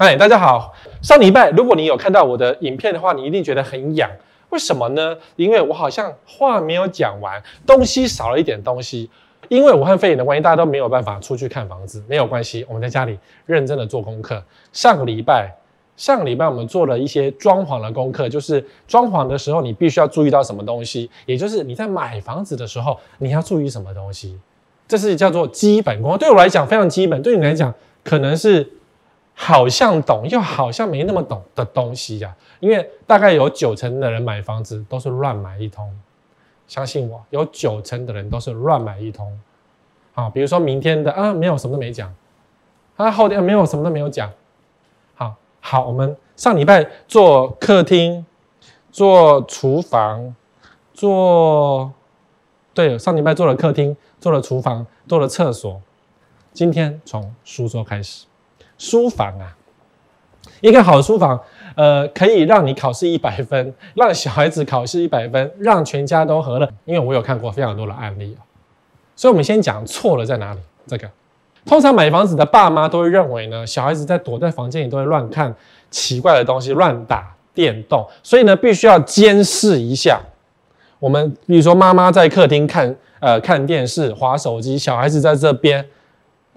哎，大家好！上禮拜，如果你有看到我的影片的話，你一定覺得很癢。為什麼呢？因為我好像話沒有講完，東西少了一點東西。因為武漢肺炎的關係，大家都沒有辦法出去看房子。沒有關係，我們在家裡認真的做功課。上個禮拜，上個禮拜我們做了一些裝潢的功課，就是裝潢的時候你必須要注意到什麼東西，也就是你在買房子的時候你要注意什麼東西。這是叫做基本功，對我來講非常基本，對你來講可能是。好像懂，又好像沒那麼懂的東西呀，啊，因為大概有九成的人買房子都是亂買一通，相信我，有九成的人都是亂買一通。好，比如說明天的啊，沒有什麼都沒講啊，後天，啊，沒有什麼都沒有講。好，好，我們上禮拜做客廳，做廚房，做，對，上禮拜做了客廳，做了廚房，做了廁所。今天從書桌開始。書房啊，一個好的書房，呃，可以讓你考試一百分，讓小孩子考試一百分，讓全家都和樂。因為我有看過非常多的案例，所以我們先講錯了在哪裡。這個，通常買房子的爸媽都會認為呢，小孩子在躲在房間裡都會亂看奇怪的東西，亂打電動，所以呢，必須要監視一下。我們比如說媽媽在客廳看，呃，看電視、滑手機，小孩子在這邊。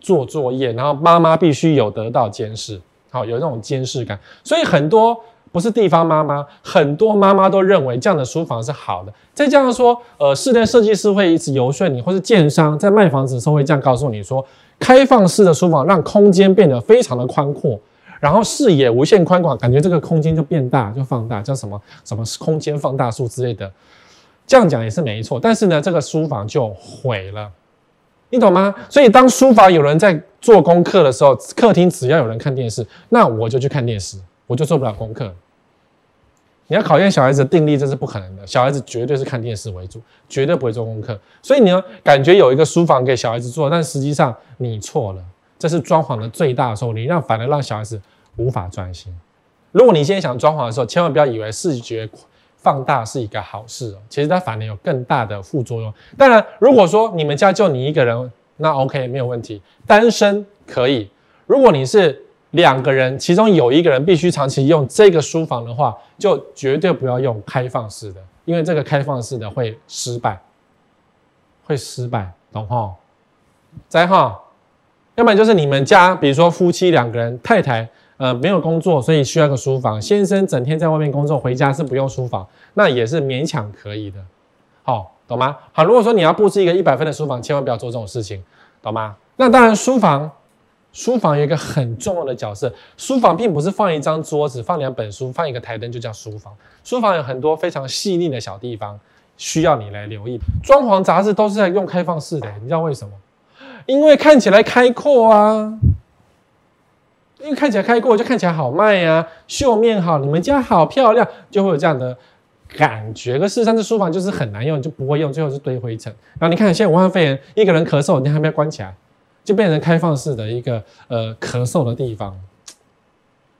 做作業，然後媽媽必須有得到監視，好有那種監視感，所以很多不是地方媽媽，很多媽媽都認為這樣的書房是好的。再加上說，呃，室內設計師會一直遊說你，或是建商在賣房子的時候會這樣告訴你說，開放式的書房讓空間變得非常的寬闊，然後視野無限寬廣，感覺這個空間就變大，就放大，叫什麼什麼空間放大術之類的，這樣講也是沒錯，但是呢，這個書房就毀了。你懂嗎？所以當書房有人在做功課的時候，客廳只要有人看電視，那我就去看電視，我就做不了功課。你要考驗小孩子的定力，這是不可能的。小孩子絕對是看電視為主，絕對不會做功課。所以你要感覺有一個書房給小孩子做，但實際上你錯了。這是裝潢的最大的錯誤，你讓反而讓小孩子無法專心。如果你現在想裝潢的時候，千萬不要以為視覺。放大是一個好事哦、喔，其實它反而有更大的副作用。當然，如果說你們家就你一個人，那 OK 沒有問題，單身可以。如果你是兩個人，其中有一個人必須長期用這個書房的話，就絕對不要用開放式的，因為這個開放式的會失敗，會失敗，懂齁？再齁，要不然就是你們家，比如說夫妻兩個人，太太。呃，沒有工作，所以需要個書房。先生整天在外面工作，回家是不用書房，那也是勉強可以的。好，哦，懂嗎？好，如果說你要布置一個一百分的書房，千萬不要做這種事情，懂嗎？那當然，書房，書房有一個很重要的角色。書房並不是放一張桌子，放兩本書，放一個台燈就叫書房。書房有很多非常細膩的小地方，需要你來留意。裝潢雜誌都是在用開放式的，你知道為什麼？因為看起來開闊啊。因為看起來開闊就看起來好賣呀、啊，秀面好，你們家好漂亮，就會有這樣的感覺。可是上次書房就是很難用，就不會用，最後是堆灰塵。然後你看現在武漢肺炎，一個人咳嗽，你還沒有關起來，就變成開放式的一個呃咳嗽的地方。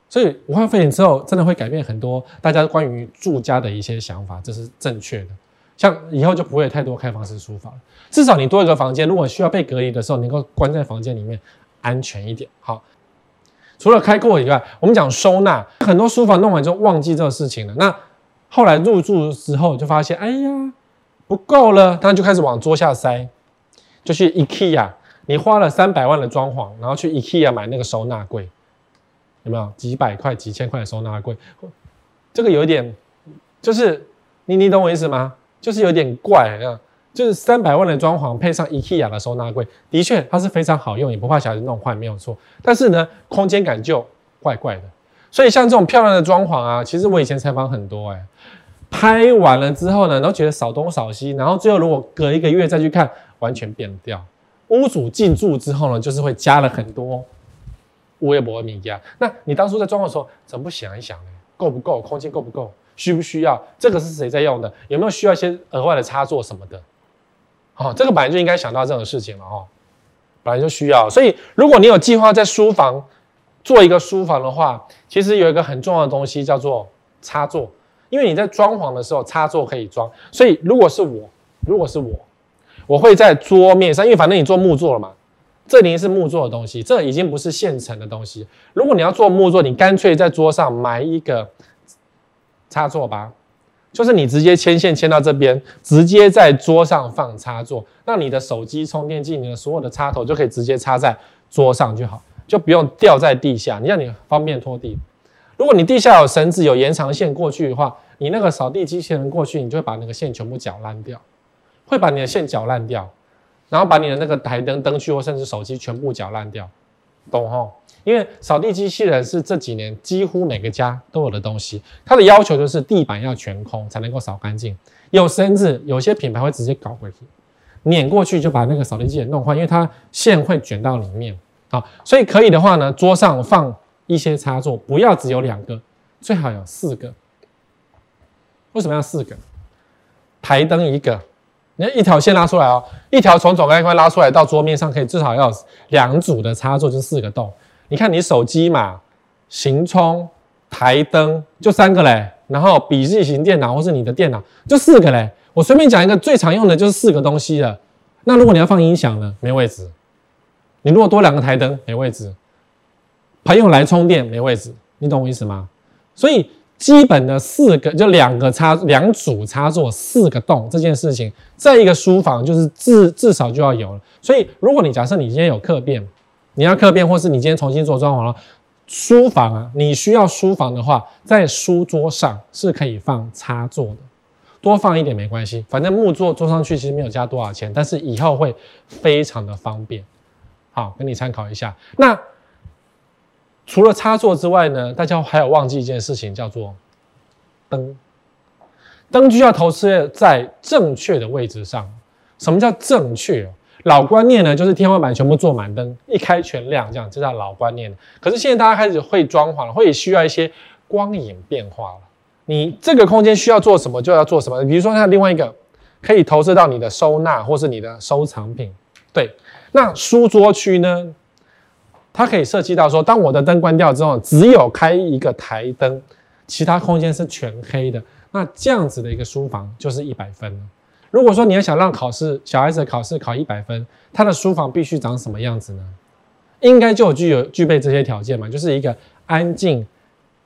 所以武漢肺炎之後，真的會改變很多大家關於住家的一些想法，這是正確的。像以後就不會有太多開放式書房，至少你多一個房間，如果需要被隔離的時候，你能夠關在房間裡面，安全一點。好。除了開闊以外，我們講收納，很多書房弄完之後忘記這個事情了。那後來入住之後就發現，哎呀，不夠了，那就開始往桌下塞，就去 IKEA。你花了三百萬的裝潢，然後去 IKEA 買那個收納櫃，有沒有幾百塊、幾千塊的收納櫃？這個有點，就是你你懂我意思嗎？就是有點怪。有就是三百萬的裝潢配上 IKEA 的收納櫃，的確它是非常好用，也不怕小孩子弄壞，沒有錯。但是呢，空間感就怪怪的。所以像這種漂亮的裝潢啊，其實我以前採訪很多哎、欸，拍完了之後呢，都覺得少東少西，然後最後如果隔一個月再去看，完全變掉。屋主進駐之後呢，就是會加了很多，我也不會米家。那你當初在裝的時候，怎麼不想一想呢？夠不夠？空間夠不夠？需不需要？這個是誰在用的？有沒有需要一些額外的插座什麼的？哦，這個本來就應該想到這種事情了哦，本來就需要了。所以，如果你有計劃在書房做一個書房的話，其實有一個很重要的東西叫做插座，因為你在裝潢的時候插座可以裝。所以，如果是我，如果是我，我會在桌面上，因為反正你做木作了嘛，這已經是木作的東西，這已經不是現成的東西。如果你要做木作，你乾脆在桌上埋一個插座吧。就是你直接牽線牽到這邊，直接在桌上放插座，那你的手機充電器、你的所有的插頭就可以直接插在桌上就好，就不用掉在地下。你讓你方便拖地。如果你地下有繩子、有延長線過去的話，你那個掃地機器人過去，你就會把那個線全部攪爛掉，會把你的線攪爛掉，然後把你的那個檯燈燈具或甚至手機全部攪爛掉。懂吼，因為掃地機器人是這幾年幾乎每個家都有的東西，它的要求就是地板要全空才能夠掃乾淨。有甚至有些品牌會直接搞回去，碾過去就把那個掃地機器人弄壞，因為它線會捲到裡面啊。所以可以的話呢，桌上放一些插座，不要只有兩個，最好有四個。為什麼要四個？台燈一個。你要一條線拉出來哦，一條從總開關拉出來到桌面上，可以至少要兩組的插座，就四個洞。你看，你手機嘛，行充、台燈就三個嘞，然後筆記型電腦或是你的電腦就四個嘞。我隨便講一個最常用的就是四個東西了。那如果你要放音響呢，沒位置；你如果多兩個台燈，沒位置；朋友來充電，沒位置，你懂我意思嗎？所以。基本的四個就兩個插，兩組插座四個洞這件事情，這一個書房就是至至少就要有了。所以如果你假設你今天有客變，你要客變，或是你今天重新做裝潢了，書房啊，你需要書房的話，在書桌上是可以放插座的，多放一點沒關係，反正木座做上去其實沒有加多少錢，但是以後會非常的方便。好，跟你參考一下。那。除了插座之外呢，大家還有忘記一件事情，叫做燈。燈具要投射在正確的位置上。什麼叫正確？老觀念呢，就是天花板全部做滿燈，一開全亮，這樣這叫老觀念。可是現在大家開始會裝潢了，會需要一些光影變化了。你這個空間需要做什麼，就要做什麼。比如說像另外一個，可以投射到你的收納或是你的收藏品。對，那書桌區呢？它可以設計到說，當我的燈關掉之後，只有開一個台燈，其他空間是全黑的。那這樣子的一個書房就是一百分。如果說你要想讓考試小孩子考試考一百分，他的書房必須長什麼樣子呢？應該就有具有具備這些條件嘛，就是一個安靜，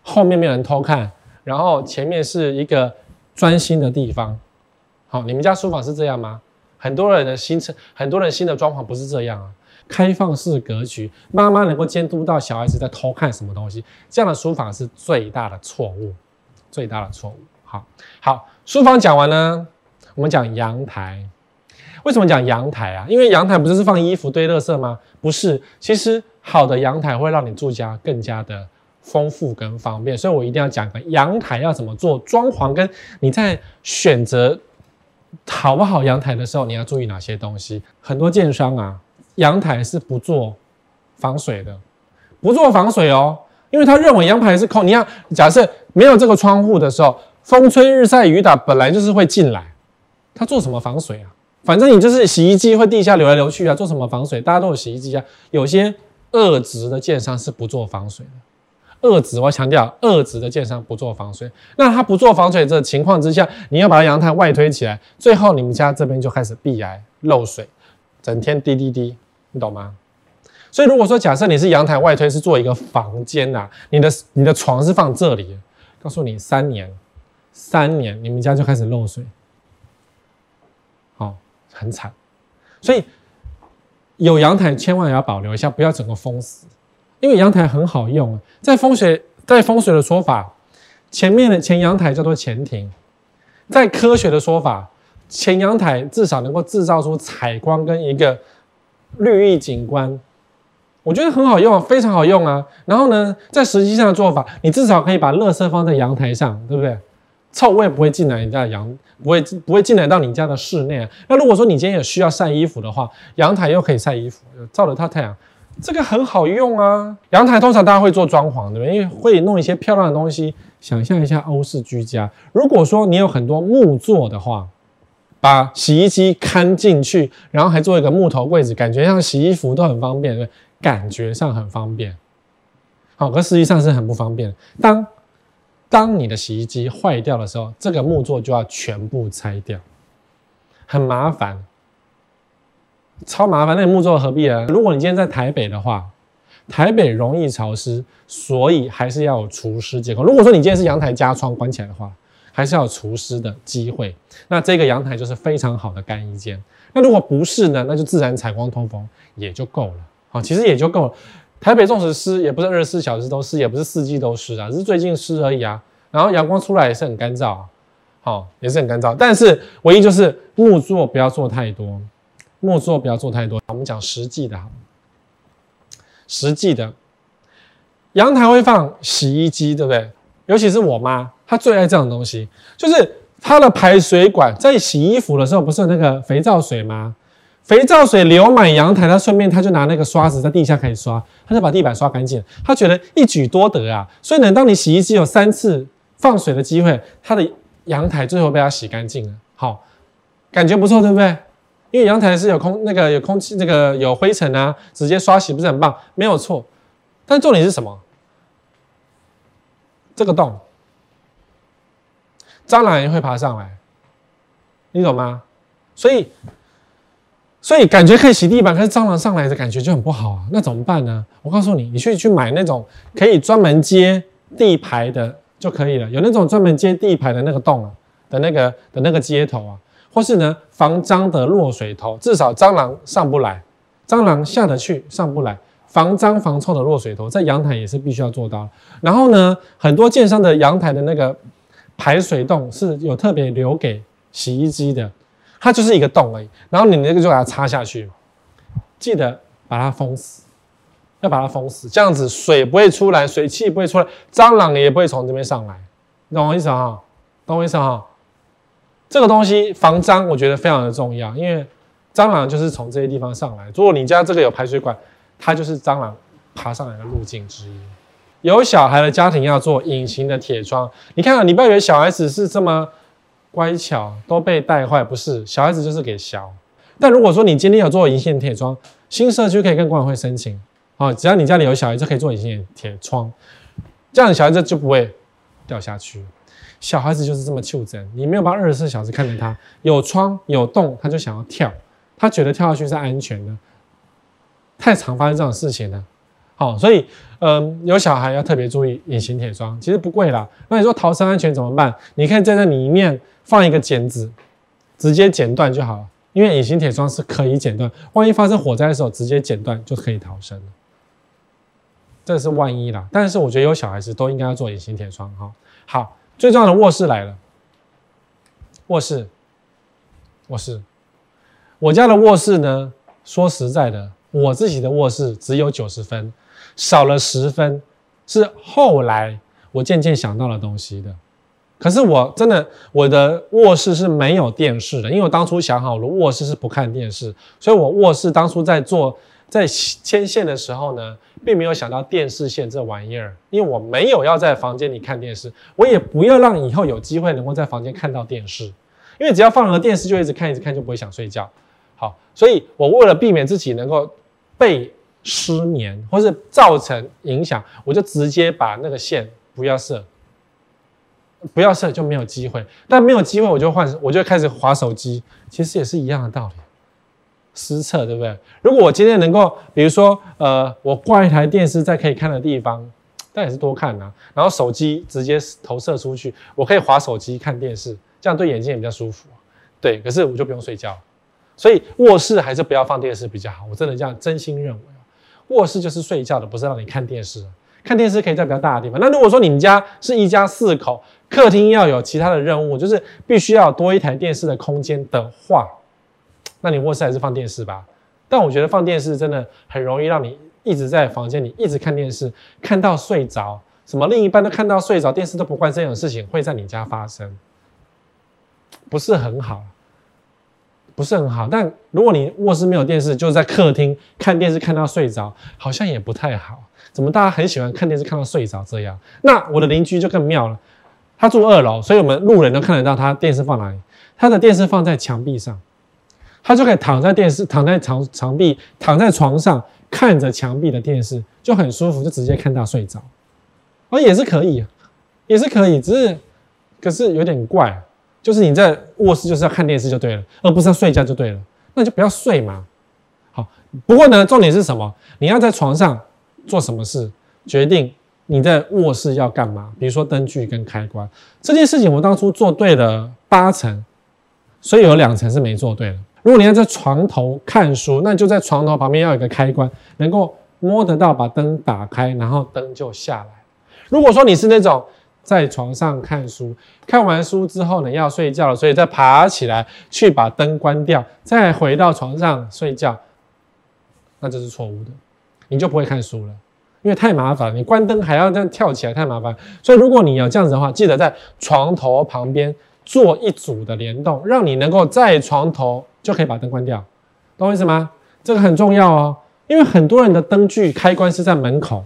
後面沒有人偷看，然後前面是一個專心的地方。好，哦，你們家書房是這樣嗎？很多人的新車，很多人新的裝潢不是這樣啊。開放式格局，媽媽能夠監督到小孩子在偷看什麼東西，這樣的書房是最大的錯誤，最大的錯誤。好，好，書房講完呢，我們講陽台。為什麼講陽台啊？因為陽台不就是，是放衣服堆垃圾嗎？不是，其實好的陽台會讓你住家更加的豐富跟方便，所以我一定要講個陽台要怎麼做裝潢，跟你在選擇好不好陽台的時候，你要注意哪些東西。很多建商啊。陽台是不做防水的，不做防水哦，因為他認為陽台是空。你要假設沒有這個窗戶的時候，風吹日曬雨打本來就是會進來，他做什麼防水啊？反正你就是洗衣機會地下流來流去啊，做什麼防水？大家都有洗衣機啊。有些惡質的建商是不做防水的，惡質我要強調，惡質的建商不做防水。那他不做防水這情況之下，你要把陽台外推起來，最後你們家這邊就開始壁癌漏水，整天滴滴滴。你懂嗎？所以如果說假設你是陽台外推是做一個房間吶、啊，你的你的床是放這裡，告訴你三年，三年你們家就開始漏水，好、哦、很慘。所以有陽台千萬也要保留一下，不要整個封死，因為陽台很好用、啊。在風水，在風水的說法，前面的前陽台叫做前庭，在科學的說法，前陽台至少能夠製造出採光跟一個。綠意景觀，我覺得很好用啊，非常好用啊。然後呢，在實際上的做法，你至少可以把垃圾放在陽台上，對不對？臭味不會進來，你家的陽不會不會進來到你家的室內啊。那如果說你今天也需要曬衣服的話，陽台又可以曬衣服，照着它太陽、啊，這個很好用啊。陽台通常大家會做裝潢，對不對？因為會弄一些漂亮的東西。想象一下歐式居家，如果說你有很多木作的話。把洗衣機嵌進去，然後還做一個木頭櫃子，感覺像洗衣服都很方便，對，感覺上很方便。好、哦，可實際上是很不方便。當當你的洗衣機壞掉的時候，這個木作就要全部拆掉，很麻煩，超麻煩。那你木作何必呢？如果你今天在台北的話，台北容易潮濕，所以還是要有除濕結構。如果說你今天是陽台加窗關起來的話，還是要有除濕的機會，那這個陽台就是非常好的乾衣間。那如果不是呢？那就自然採光通風也就夠了、哦。其實也就夠了。台北縱使濕，也不是二十四小時都濕，也不是四季都濕啊，只是最近濕而已啊。然後陽光出來也是很乾燥啊，好、哦，也是很乾燥。但是唯一就是木作不要做太多，木作不要做太多。我們講實際的，實際的陽台會放洗衣機，對不對？尤其是我媽。他最愛這種東西，就是他的排水管在洗衣服的時候，不是有那個肥皂水嗎？肥皂水流滿陽台，他順便他就拿那個刷子在地下開始刷，他就把地板刷乾淨。他覺得一舉多得啊！所以呢，當你洗衣機有三次放水的機會，他的陽台最後被他洗乾淨了。好，感覺不錯，對不對？因為陽台是有空那個有空氣，那個有灰塵啊，直接刷洗不是很棒？沒有錯，但重點是什麼？這個洞。蟑螂也會爬上來，你懂嗎？所以，所以感覺可以洗地板，可是蟑螂上來的感覺就很不好啊。那怎麼辦呢？我告訴你，你去去買那種可以專門接地排的就可以了。有那種專門接地排的那個洞啊的那個的那個接頭啊，或是呢防蟑的落水頭，至少蟑螂上不來，蟑螂下得去上不來。防蟑防臭的落水頭在陽台也是必須要做到的。然後呢，很多建商的陽台的那個。排水洞是有特別留給洗衣機的，它就是一個洞而已。然後你那個就把它插下去，記得把它封死，要把它封死，這樣子水不會出來，水汽不會出來，蟑螂也不會從這邊上來，你懂。懂我意思哈？懂我意思哈？這個東西防蟑，我覺得非常的重要，因為蟑螂就是從這些地方上來。如果你家這個有排水管，它就是蟑螂爬上來的路徑之一。有小孩的家庭要做隱形的鐵窗。你看啊，你不要以為小孩子是這麼乖巧，都被帶壞，不是？小孩子就是給削。但如果說你今天有做隱形鐵窗，新社區可以跟管委會申請啊、哦，只要你家裡有小孩，就可以做隱形鐵窗，這樣小孩子就不會掉下去。小孩子就是這麼就診，你沒有辦法二十四小時看着他，有窗有洞，他就想要跳，他覺得跳下去是安全的，太常發生這種事情了。好，所以，嗯、呃，有小孩要特別注意隱形鐵窗，其實不貴啦。那你說逃生安全怎麼辦？你可以站在這裡面放一個剪子，直接剪斷就好了。因為隱形鐵窗是可以剪斷，萬一發生火災的時候，直接剪斷就可以逃生。這是萬一啦。但是我覺得有小孩子都應該要做隱形鐵窗。哈、喔，好，最重要的臥室來了。臥室，臥室，我家的臥室呢？說實在的，我自己的臥室只有九十分。少了十分，是後來我漸漸想到了東西的。可是我真的，我的臥室是沒有電視的，因為我當初想好了，臥室是不看電視，所以我臥室當初在做在牽線的時候呢，並沒有想到電視線這玩意兒，因為我沒有要在房間裡看電視，我也不要讓以後有機會能夠在房間看到電視，因為只要放了電視就一直看，一直看就不會想睡覺。好，所以我為了避免自己能夠被。失眠，或是造成影響，我就直接把那個線不要設，不要設就沒有機會。但沒有機會，我就換，我就開始滑手機。其實也是一樣的道理，失策，對不對？如果我今天能夠，比如說，呃，我掛一台電視在可以看的地方，但也是多看吶、啊。然後手機直接投射出去，我可以滑手機看電視，這樣對眼睛也比較舒服。對，可是我就不用睡覺，所以臥室還是不要放電視比較好。我真的這樣真心認為。臥室就是睡覺的，不是讓你看電視。看電視可以在比較大的地方。那如果說你們家是一家四口，客廳要有其他的任務，就是必須要多一台電視的空間的話，那你臥室還是放電視吧。但我覺得放電視真的很容易讓你一直在房間裡一直看電視，看到睡着，什麼另一半都看到睡着，電視都不關，這種事情會在你家發生，不是很好。不是很好，但如果你臥室沒有電視，就是在客廳看電視看到睡着，好像也不太好。怎麼大家很喜歡看電視看到睡着這樣？那我的鄰居就更妙了，他住二樓，所以我們路人都看得到他電視放哪裡。他的電視放在牆壁上，他就可以躺在電視，躺在牆牆壁，躺在床上看着牆壁的電視就很舒服，就直接看到睡着。哦、啊，也是可以，也是可以，只是可是有點怪。就是你在臥室就是要看電視就對了，而不是要睡覺就對了，那你就不要睡嘛。好，不過呢，重點是什麼？你要在床上做什麼事，決定你在臥室要幹嘛。比如說燈具跟開關這件事情，我當初做對了八成，所以有兩成是沒做對的。如果你要在床頭看書，那你就在床頭旁邊要有個開關，能夠摸得到，把燈打開，然後燈就下來。如果說你是那種，在床上看書，看完書之後呢，要睡覺了，所以再爬起來去把燈關掉，再回到床上睡覺，那這是錯誤的，你就不會看書了，因為太麻煩，你關燈還要這樣跳起來，太麻煩。所以如果你有這樣子的話，記得在床頭旁邊做一組的聯動，讓你能夠在床頭就可以把燈關掉，懂我意思嗎？這個很重要哦，因為很多人的燈具開關是在門口，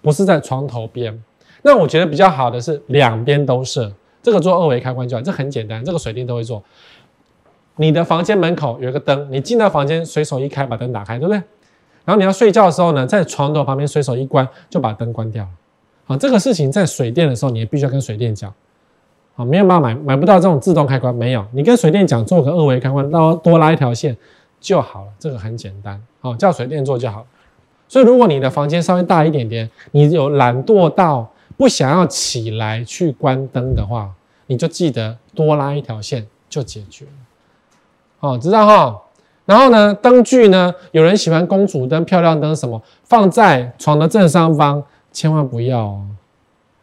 不是在床頭邊。那我覺得比較好的是兩邊都設，這個做二維開關就好，這很簡單，這個水電都會做。你的房間門口有一個燈，你進到房間隨手一開把燈打開，對不對？然後你要睡覺的時候呢，在床頭旁邊隨手一關就把燈關掉了。好，這個事情在水電的時候你也必須要跟水電講。好，沒有辦法買買不到這種自動開關，沒有，你跟水電講做個二維開關，然後多拉一條線就好了，這個很簡單。好，叫水電做就好。所以如果你的房間稍微大一點點，你有懶惰到不想要起來去關燈的話，你就記得多拉一條線就解決了。好、哦，知道哈。然後呢，燈具呢，有人喜歡公主燈、漂亮燈什麼，放在床的正上方，千萬不要哦。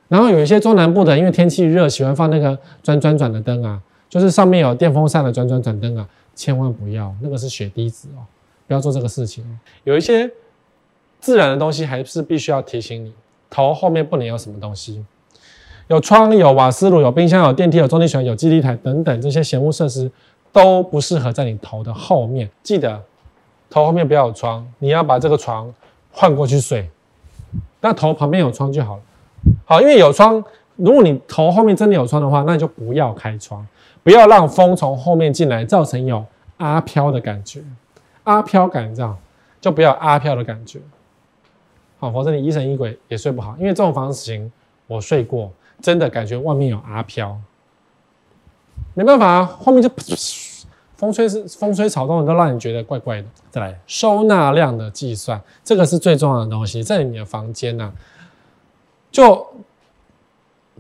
然後有一些中南部的，因為天氣熱，喜歡放那個轉轉轉的燈啊，就是上面有電風扇的轉轉轉燈啊，千萬不要，那個是血滴子哦，不要做這個事情哦。有一些自然的東西還是必須要提醒你，頭後面不能有什麼東西，有窗、有瓦斯爐、有冰箱、有電梯、有中央取有基地台等等，這些嫌惡設施都不適合在你頭的後面。記得頭後面不要有窗，你要把這個床換過去睡，那頭旁邊有窗就好了。好，因為有窗，如果你頭後面真的有窗的話，那你就不要開窗，不要讓風從後面進來，造成有阿飄的感覺。阿飄感這樣就不要阿飄的感覺。否則你疑神疑鬼也睡不好，因為這種房型我睡過，真的感覺外面有阿飄，沒辦法啊，後面就噗噗風吹是風吹草動都讓你覺得怪怪的。再來，收納量的計算，這個是最重要的東西。在你的房間呢、啊，就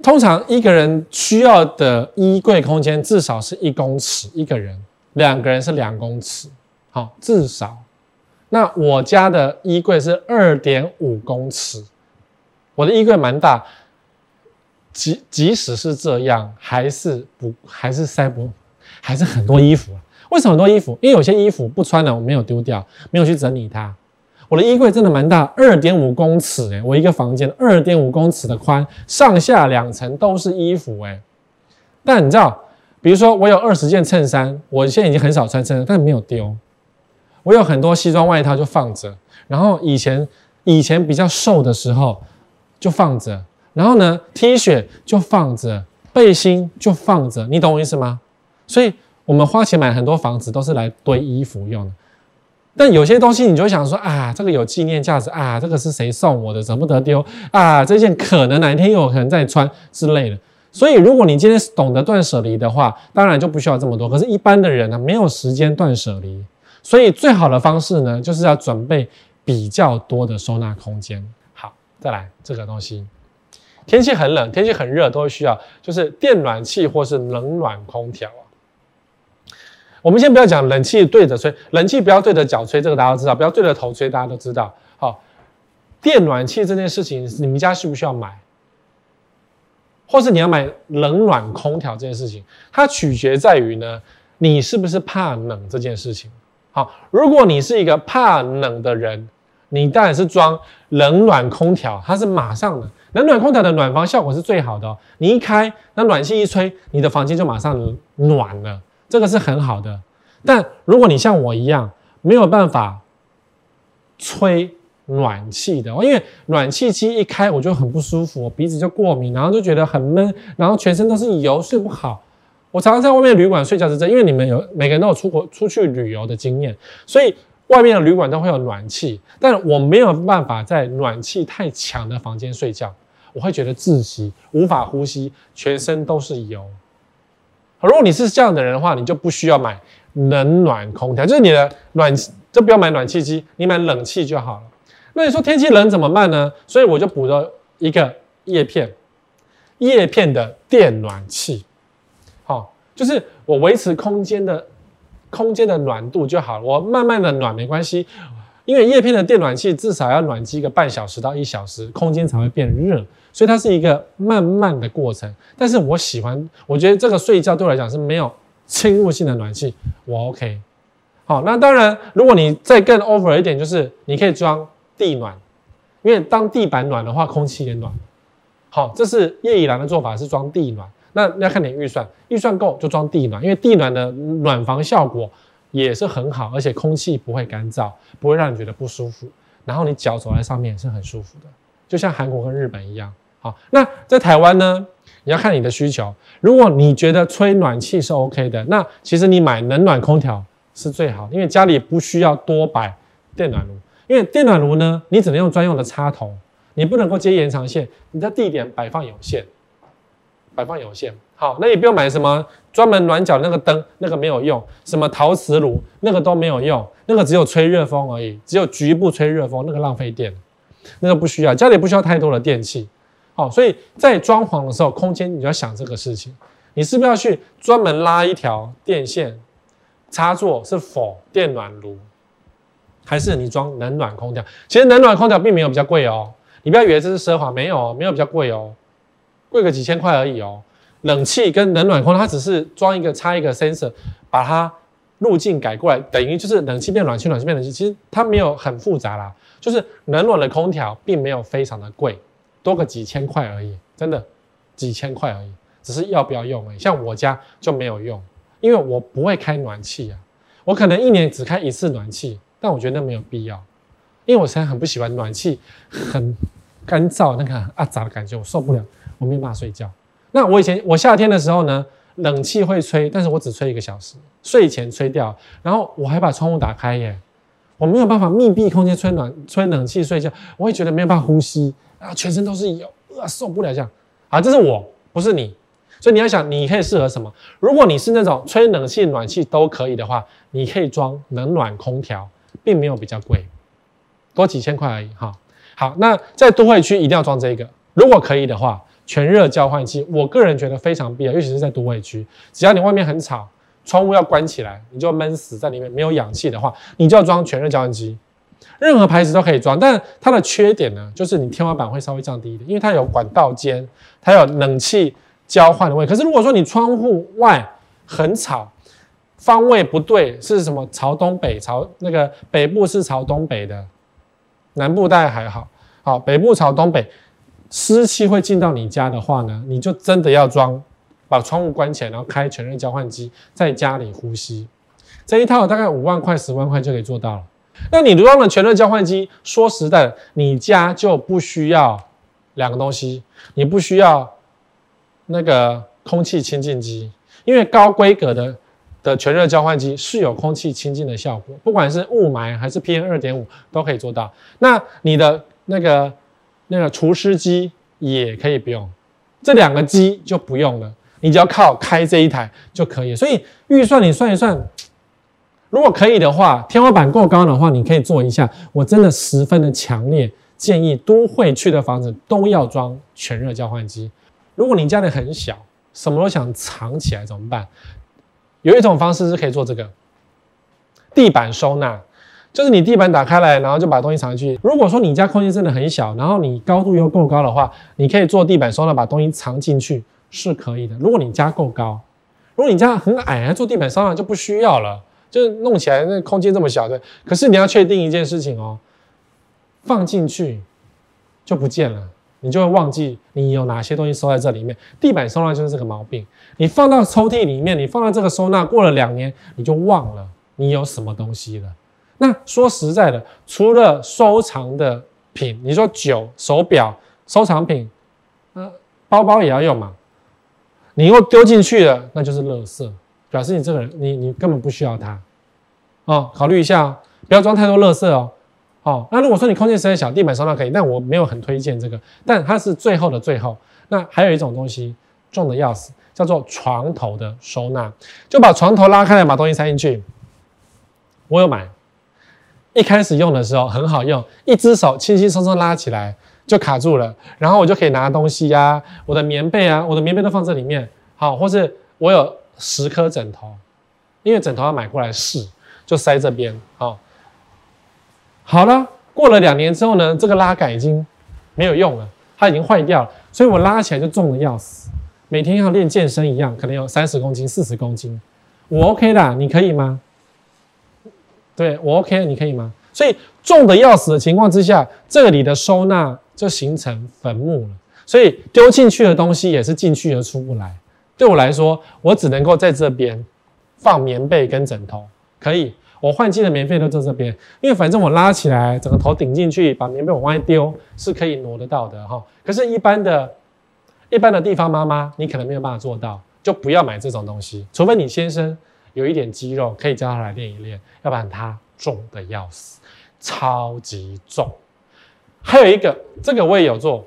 通常一個人需要的衣櫃空間至少是一公尺，一個人兩個人是兩公尺，好、哦，至少。那我家的衣櫃是二點五公尺，我的衣櫃蠻大，即即使是這樣，還是不還是塞不，還是很多衣服啊。為什麼很多衣服？因為有些衣服不穿了，我沒有丟掉，沒有去整理它。我的衣櫃真的蠻大，二點五公尺欸，誒，我一個房間二點五公尺的寬，上下兩層都是衣服欸，誒。但你知道，比如說我有二十件襯衫，我現在已經很少穿襯衫，但沒有丟。我有很多西裝外套就放着，然後以前以前比較瘦的時候就放着，然後呢 T 恤就放着，背心就放着，你懂我意思嗎？所以我們花錢買很多房子都是來堆衣服用的，但有些東西你就會想說啊，這個有紀念價值啊，這個是誰送我的，舍不得丟啊，這件可能哪天又有可能再穿之類的。所以如果你今天懂得斷舍離的話，當然就不需要這麼多。可是，一般的人呢，沒有時間斷舍離。所以最好的方式呢，就是要準備比較多的收納空間。好，再來這個東西。天氣很冷，天氣很熱，都需要就是電暖氣或是冷暖空調。我們先不要講冷氣對着吹，冷氣不要對着腳吹，這個大家都知道；不要對着頭吹，大家都知道。好，電暖氣這件事情，你們家需不需要買？或是你要買冷暖空調這件事情，它取決在於呢，你是不是怕冷這件事情。好，如果你是一個怕冷的人，你當然是裝冷暖空調，它是馬上的，冷暖空調的暖房效果是最好的哦，你一開那暖氣一吹，你的房間就馬上暖了，這個是很好的。但如果你像我一樣沒有辦法吹暖氣的哦，因為暖氣機一開我就很不舒服，我鼻子就過敏，然後就覺得很悶，然後全身都是油，睡不好。我常常在外面旅館睡覺，這是因為你們有每個人都有出國出去旅遊的經驗，所以外面的旅館都會有暖氣，但我沒有辦法在暖氣太強的房間睡覺，我會覺得窒息，無法呼吸，全身都是油。如果你是這樣的人的話，你就不需要買冷暖空調，就是你的暖氣就不要買暖氣機，你買冷氣就好了。那你說天氣冷怎麼辦呢？所以我就補了一個葉片，葉片的電暖器。就是我維持空間的、空間的暖度就好了，我慢慢的暖沒關係，因為葉片的電暖器至少要暖機一個半小時到一小時，空間才會變熱，所以它是一個慢慢的過程。但是我喜歡，我覺得這個睡覺對我來講是沒有侵入性的暖氣，我 OK。好，那當然，如果你再更 over 一點，就是你可以裝地暖，因為當地板暖的話，空氣也暖。好，這是葉以蘭的做法，是裝地暖。那要看你預算，預算夠就裝地暖，因為地暖的暖房效果也是很好，而且空氣不會乾燥，不會讓你覺得不舒服。然後你腳走在上面是很舒服的，就像韓國跟日本一樣。好，那在台灣呢，你要看你的需求。如果你覺得吹暖氣是 OK 的，那其實你買冷暖空調是最好，因為家裡不需要多擺電暖爐。因為電暖爐呢，你只能用專用的插頭，你不能夠接延長線，你的地點擺放有限。擺放有限，好，那你不用買什麼專門暖腳那個燈，那個沒有用，什麼陶瓷爐，那個都沒有用，那個只有吹熱風而已，只有局部吹熱風，那個浪費電，那個不需要，家裡不需要太多的電器，好，所以在裝潢的時候，空間你就要想這個事情，你是不是要去專門拉一條電線，插座是否電暖爐，還是你裝冷暖空調？其實冷暖空調並沒有比較貴哦，你不要以為這是奢華，沒有，沒有比較貴哦。貴個幾千塊而已哦。冷氣跟冷暖空，它只是裝一個插一個 sensor，把它路徑改過來，等於就是冷氣變暖氣，暖氣變冷氣。其實它沒有很複雜啦，就是冷暖的空調並沒有非常的貴，多個幾千塊而已，真的幾千塊而已。只是要不要用、欸？哎，像我家就沒有用，因為我不會開暖氣啊。我可能一年只開一次暖氣，但我覺得那沒有必要，因為我現在很不喜歡暖氣，很。乾燥那個啊，雜的感覺我受不了，我沒有辦法睡覺。那我以前我夏天的時候呢，冷氣會吹，但是我只吹一個小時，睡前吹掉，然後我還把窗戶打開耶。我沒有辦法密閉空間吹暖吹冷氣睡覺，我會覺得沒有辦法呼吸啊，然後全身都是油，啊受不了這樣啊。這是我不是你，所以你要想你可以適合什麼？如果你是那種吹冷氣、暖氣都可以的話，你可以裝冷暖空調，並沒有比較貴，多幾千塊而已哈。好，那在都會區一定要裝這個。如果可以的話，全熱交換機我個人覺得非常必要，尤其是在都會區。只要你外面很吵，窗戶要關起來，你就悶死在裡面，沒有氧氣的話，你就要裝全熱交換機。任何牌子都可以裝，但它的缺點呢，就是你天花板會稍微降低一點，因為它有管道間，它有冷氣交換的位。可是如果說你窗戶外很吵，方位不對，是什麼，朝東北？朝那個北部是朝東北的。南部大概還好，好，北部朝東北，濕氣會進到你家的話呢，你就真的要裝，把窗戶關起來，然後開全熱交換機，在家裡呼吸。這一套大概五萬塊、十萬塊就可以做到了。那你如果裝了全熱交換機，說實在，你家就不需要兩個東西，你不需要那個空氣清淨機，因為高規格的，的全熱交換機是有空氣清淨的效果，不管是霧霾還是 PM 二點五都可以做到。那你的那個那個除濕機也可以不用，這兩個機就不用了，你只要靠開這一台就可以。所以預算你算一算，如果可以的話，天花板夠高的話，你可以做一下。我真的十分的強烈建議都會區的房子都要裝全熱交換機。如果你家裡很小，什麼都想藏起來怎麼辦？有一種方式是可以做這個地板收納，就是你地板打開來，然後就把東西藏進去。如果說你家空間真的很小，然後你高度又夠高的話，你可以做地板收納，把東西藏進去是可以的。如果你家夠高，如果你家很矮，還做地板收納就不需要了，就是弄起來那空間這麼小。對，可是你要確定一件事情哦，放進去就不見了。你就會忘記你有哪些東西收在這裡面。地板收納就是這個毛病。你放到抽屜裡面，你放到這個收納，過了兩年你就忘了你有什麼東西了。那說實在的，除了收藏的品，你說酒、手錶、收藏品，那、呃、包包也要用嘛？你又丟進去了，那就是垃圾，表示你這個人，你你根本不需要它。哦，考慮一下哦，不要裝太多垃圾哦。哦，那如果說你空間實在小，地板收納可以，但我沒有很推薦這個。但它是最後的最後。那還有一種東西，重得要死，叫做床頭的收納，就把床頭拉開來，把東西塞進去。我有買，一開始用的時候很好用，一隻手輕輕鬆鬆拉起來就卡住了，然後我就可以拿東西呀、啊，我的棉被啊，我的棉被都放這裡面。好、哦，或是我有十顆枕頭，因為枕頭要買過來試，就塞這邊。好、哦。好了，過了兩年之後呢，這個拉桿已經沒有用了，它已經壞掉了，所以我拉起來就重得要死，每天要練健身一樣，可能有三十公斤、四十公斤，我 OK 的，你可以嗎？對，我 OK，你可以嗎？所以重得要死的情況之下，這裡的收納就形成墳墓了，所以丟進去的東西也是進去而出不來。對我來說，我只能夠在這邊放棉被跟枕頭，可以。我換季的棉被都在這邊，因為反正我拉起來，整個頭頂進去，把棉被往外丟，是可以挪得到的哈。可是，一般的、一般的地方媽媽，媽媽你可能沒有辦法做到，就不要買這種東西。除非你先生有一點肌肉，可以叫他來練一練，要不然他重得要死，超級重。還有一個，這個我也有做，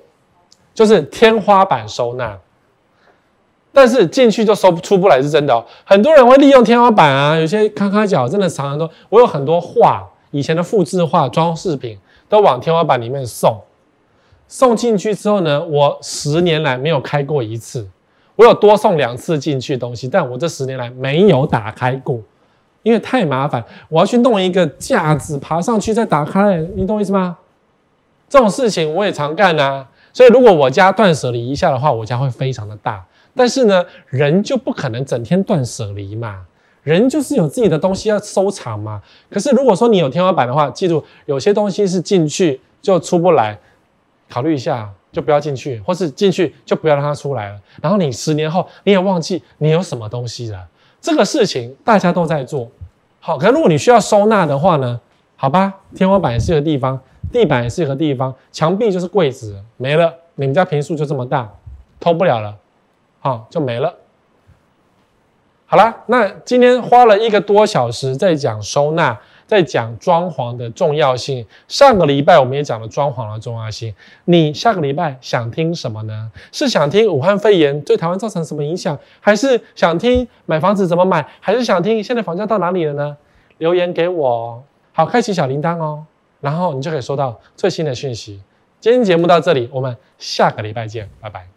就是天花板收納。但是進去就收出不來是真的哦。很多人會利用天花板啊，有些咔咔角真的常常說，我有很多畫，以前的複製畫裝飾品都往天花板裡面送。送進去之後呢，我十年來沒有開過一次。我有多送兩次進去的東西，但我這十年來沒有打開過，因為太麻煩，我要去弄一個架子爬上去再打開，你懂我意思嗎？這種事情我也常幹吶、啊。所以如果我家斷捨離一下的話，我家會非常的大。但是呢，人就不可能整天斷捨離嘛，人就是有自己的東西要收藏嘛。可是如果說你有天花板的話，記住有些東西是進去就出不來，考慮一下就不要進去，或是進去就不要讓它出來了。然後你十年後你也忘記你有什麼東西了，這個事情大家都在做。好，可是如果你需要收納的話呢，好吧，天花板也是一個地方，地板也是一個地方，牆壁就是櫃子，沒了，你們家坪數就這麼大，偷不了了。好、哦、就沒了。好了，那今天花了一個多小時在講收納，在講裝潢的重要性。上個禮拜我們也講了裝潢的重要性。你下個禮拜想聽什麼呢？是想聽武漢肺炎對台灣造成什麼影響？還是想聽買房子怎麼買？還是想聽現在房價到哪裡了呢？留言給我，好，開啟小鈴鐺哦，然後你就可以收到最新的訊息。今天節目到這裡，我們下個禮拜見，拜拜。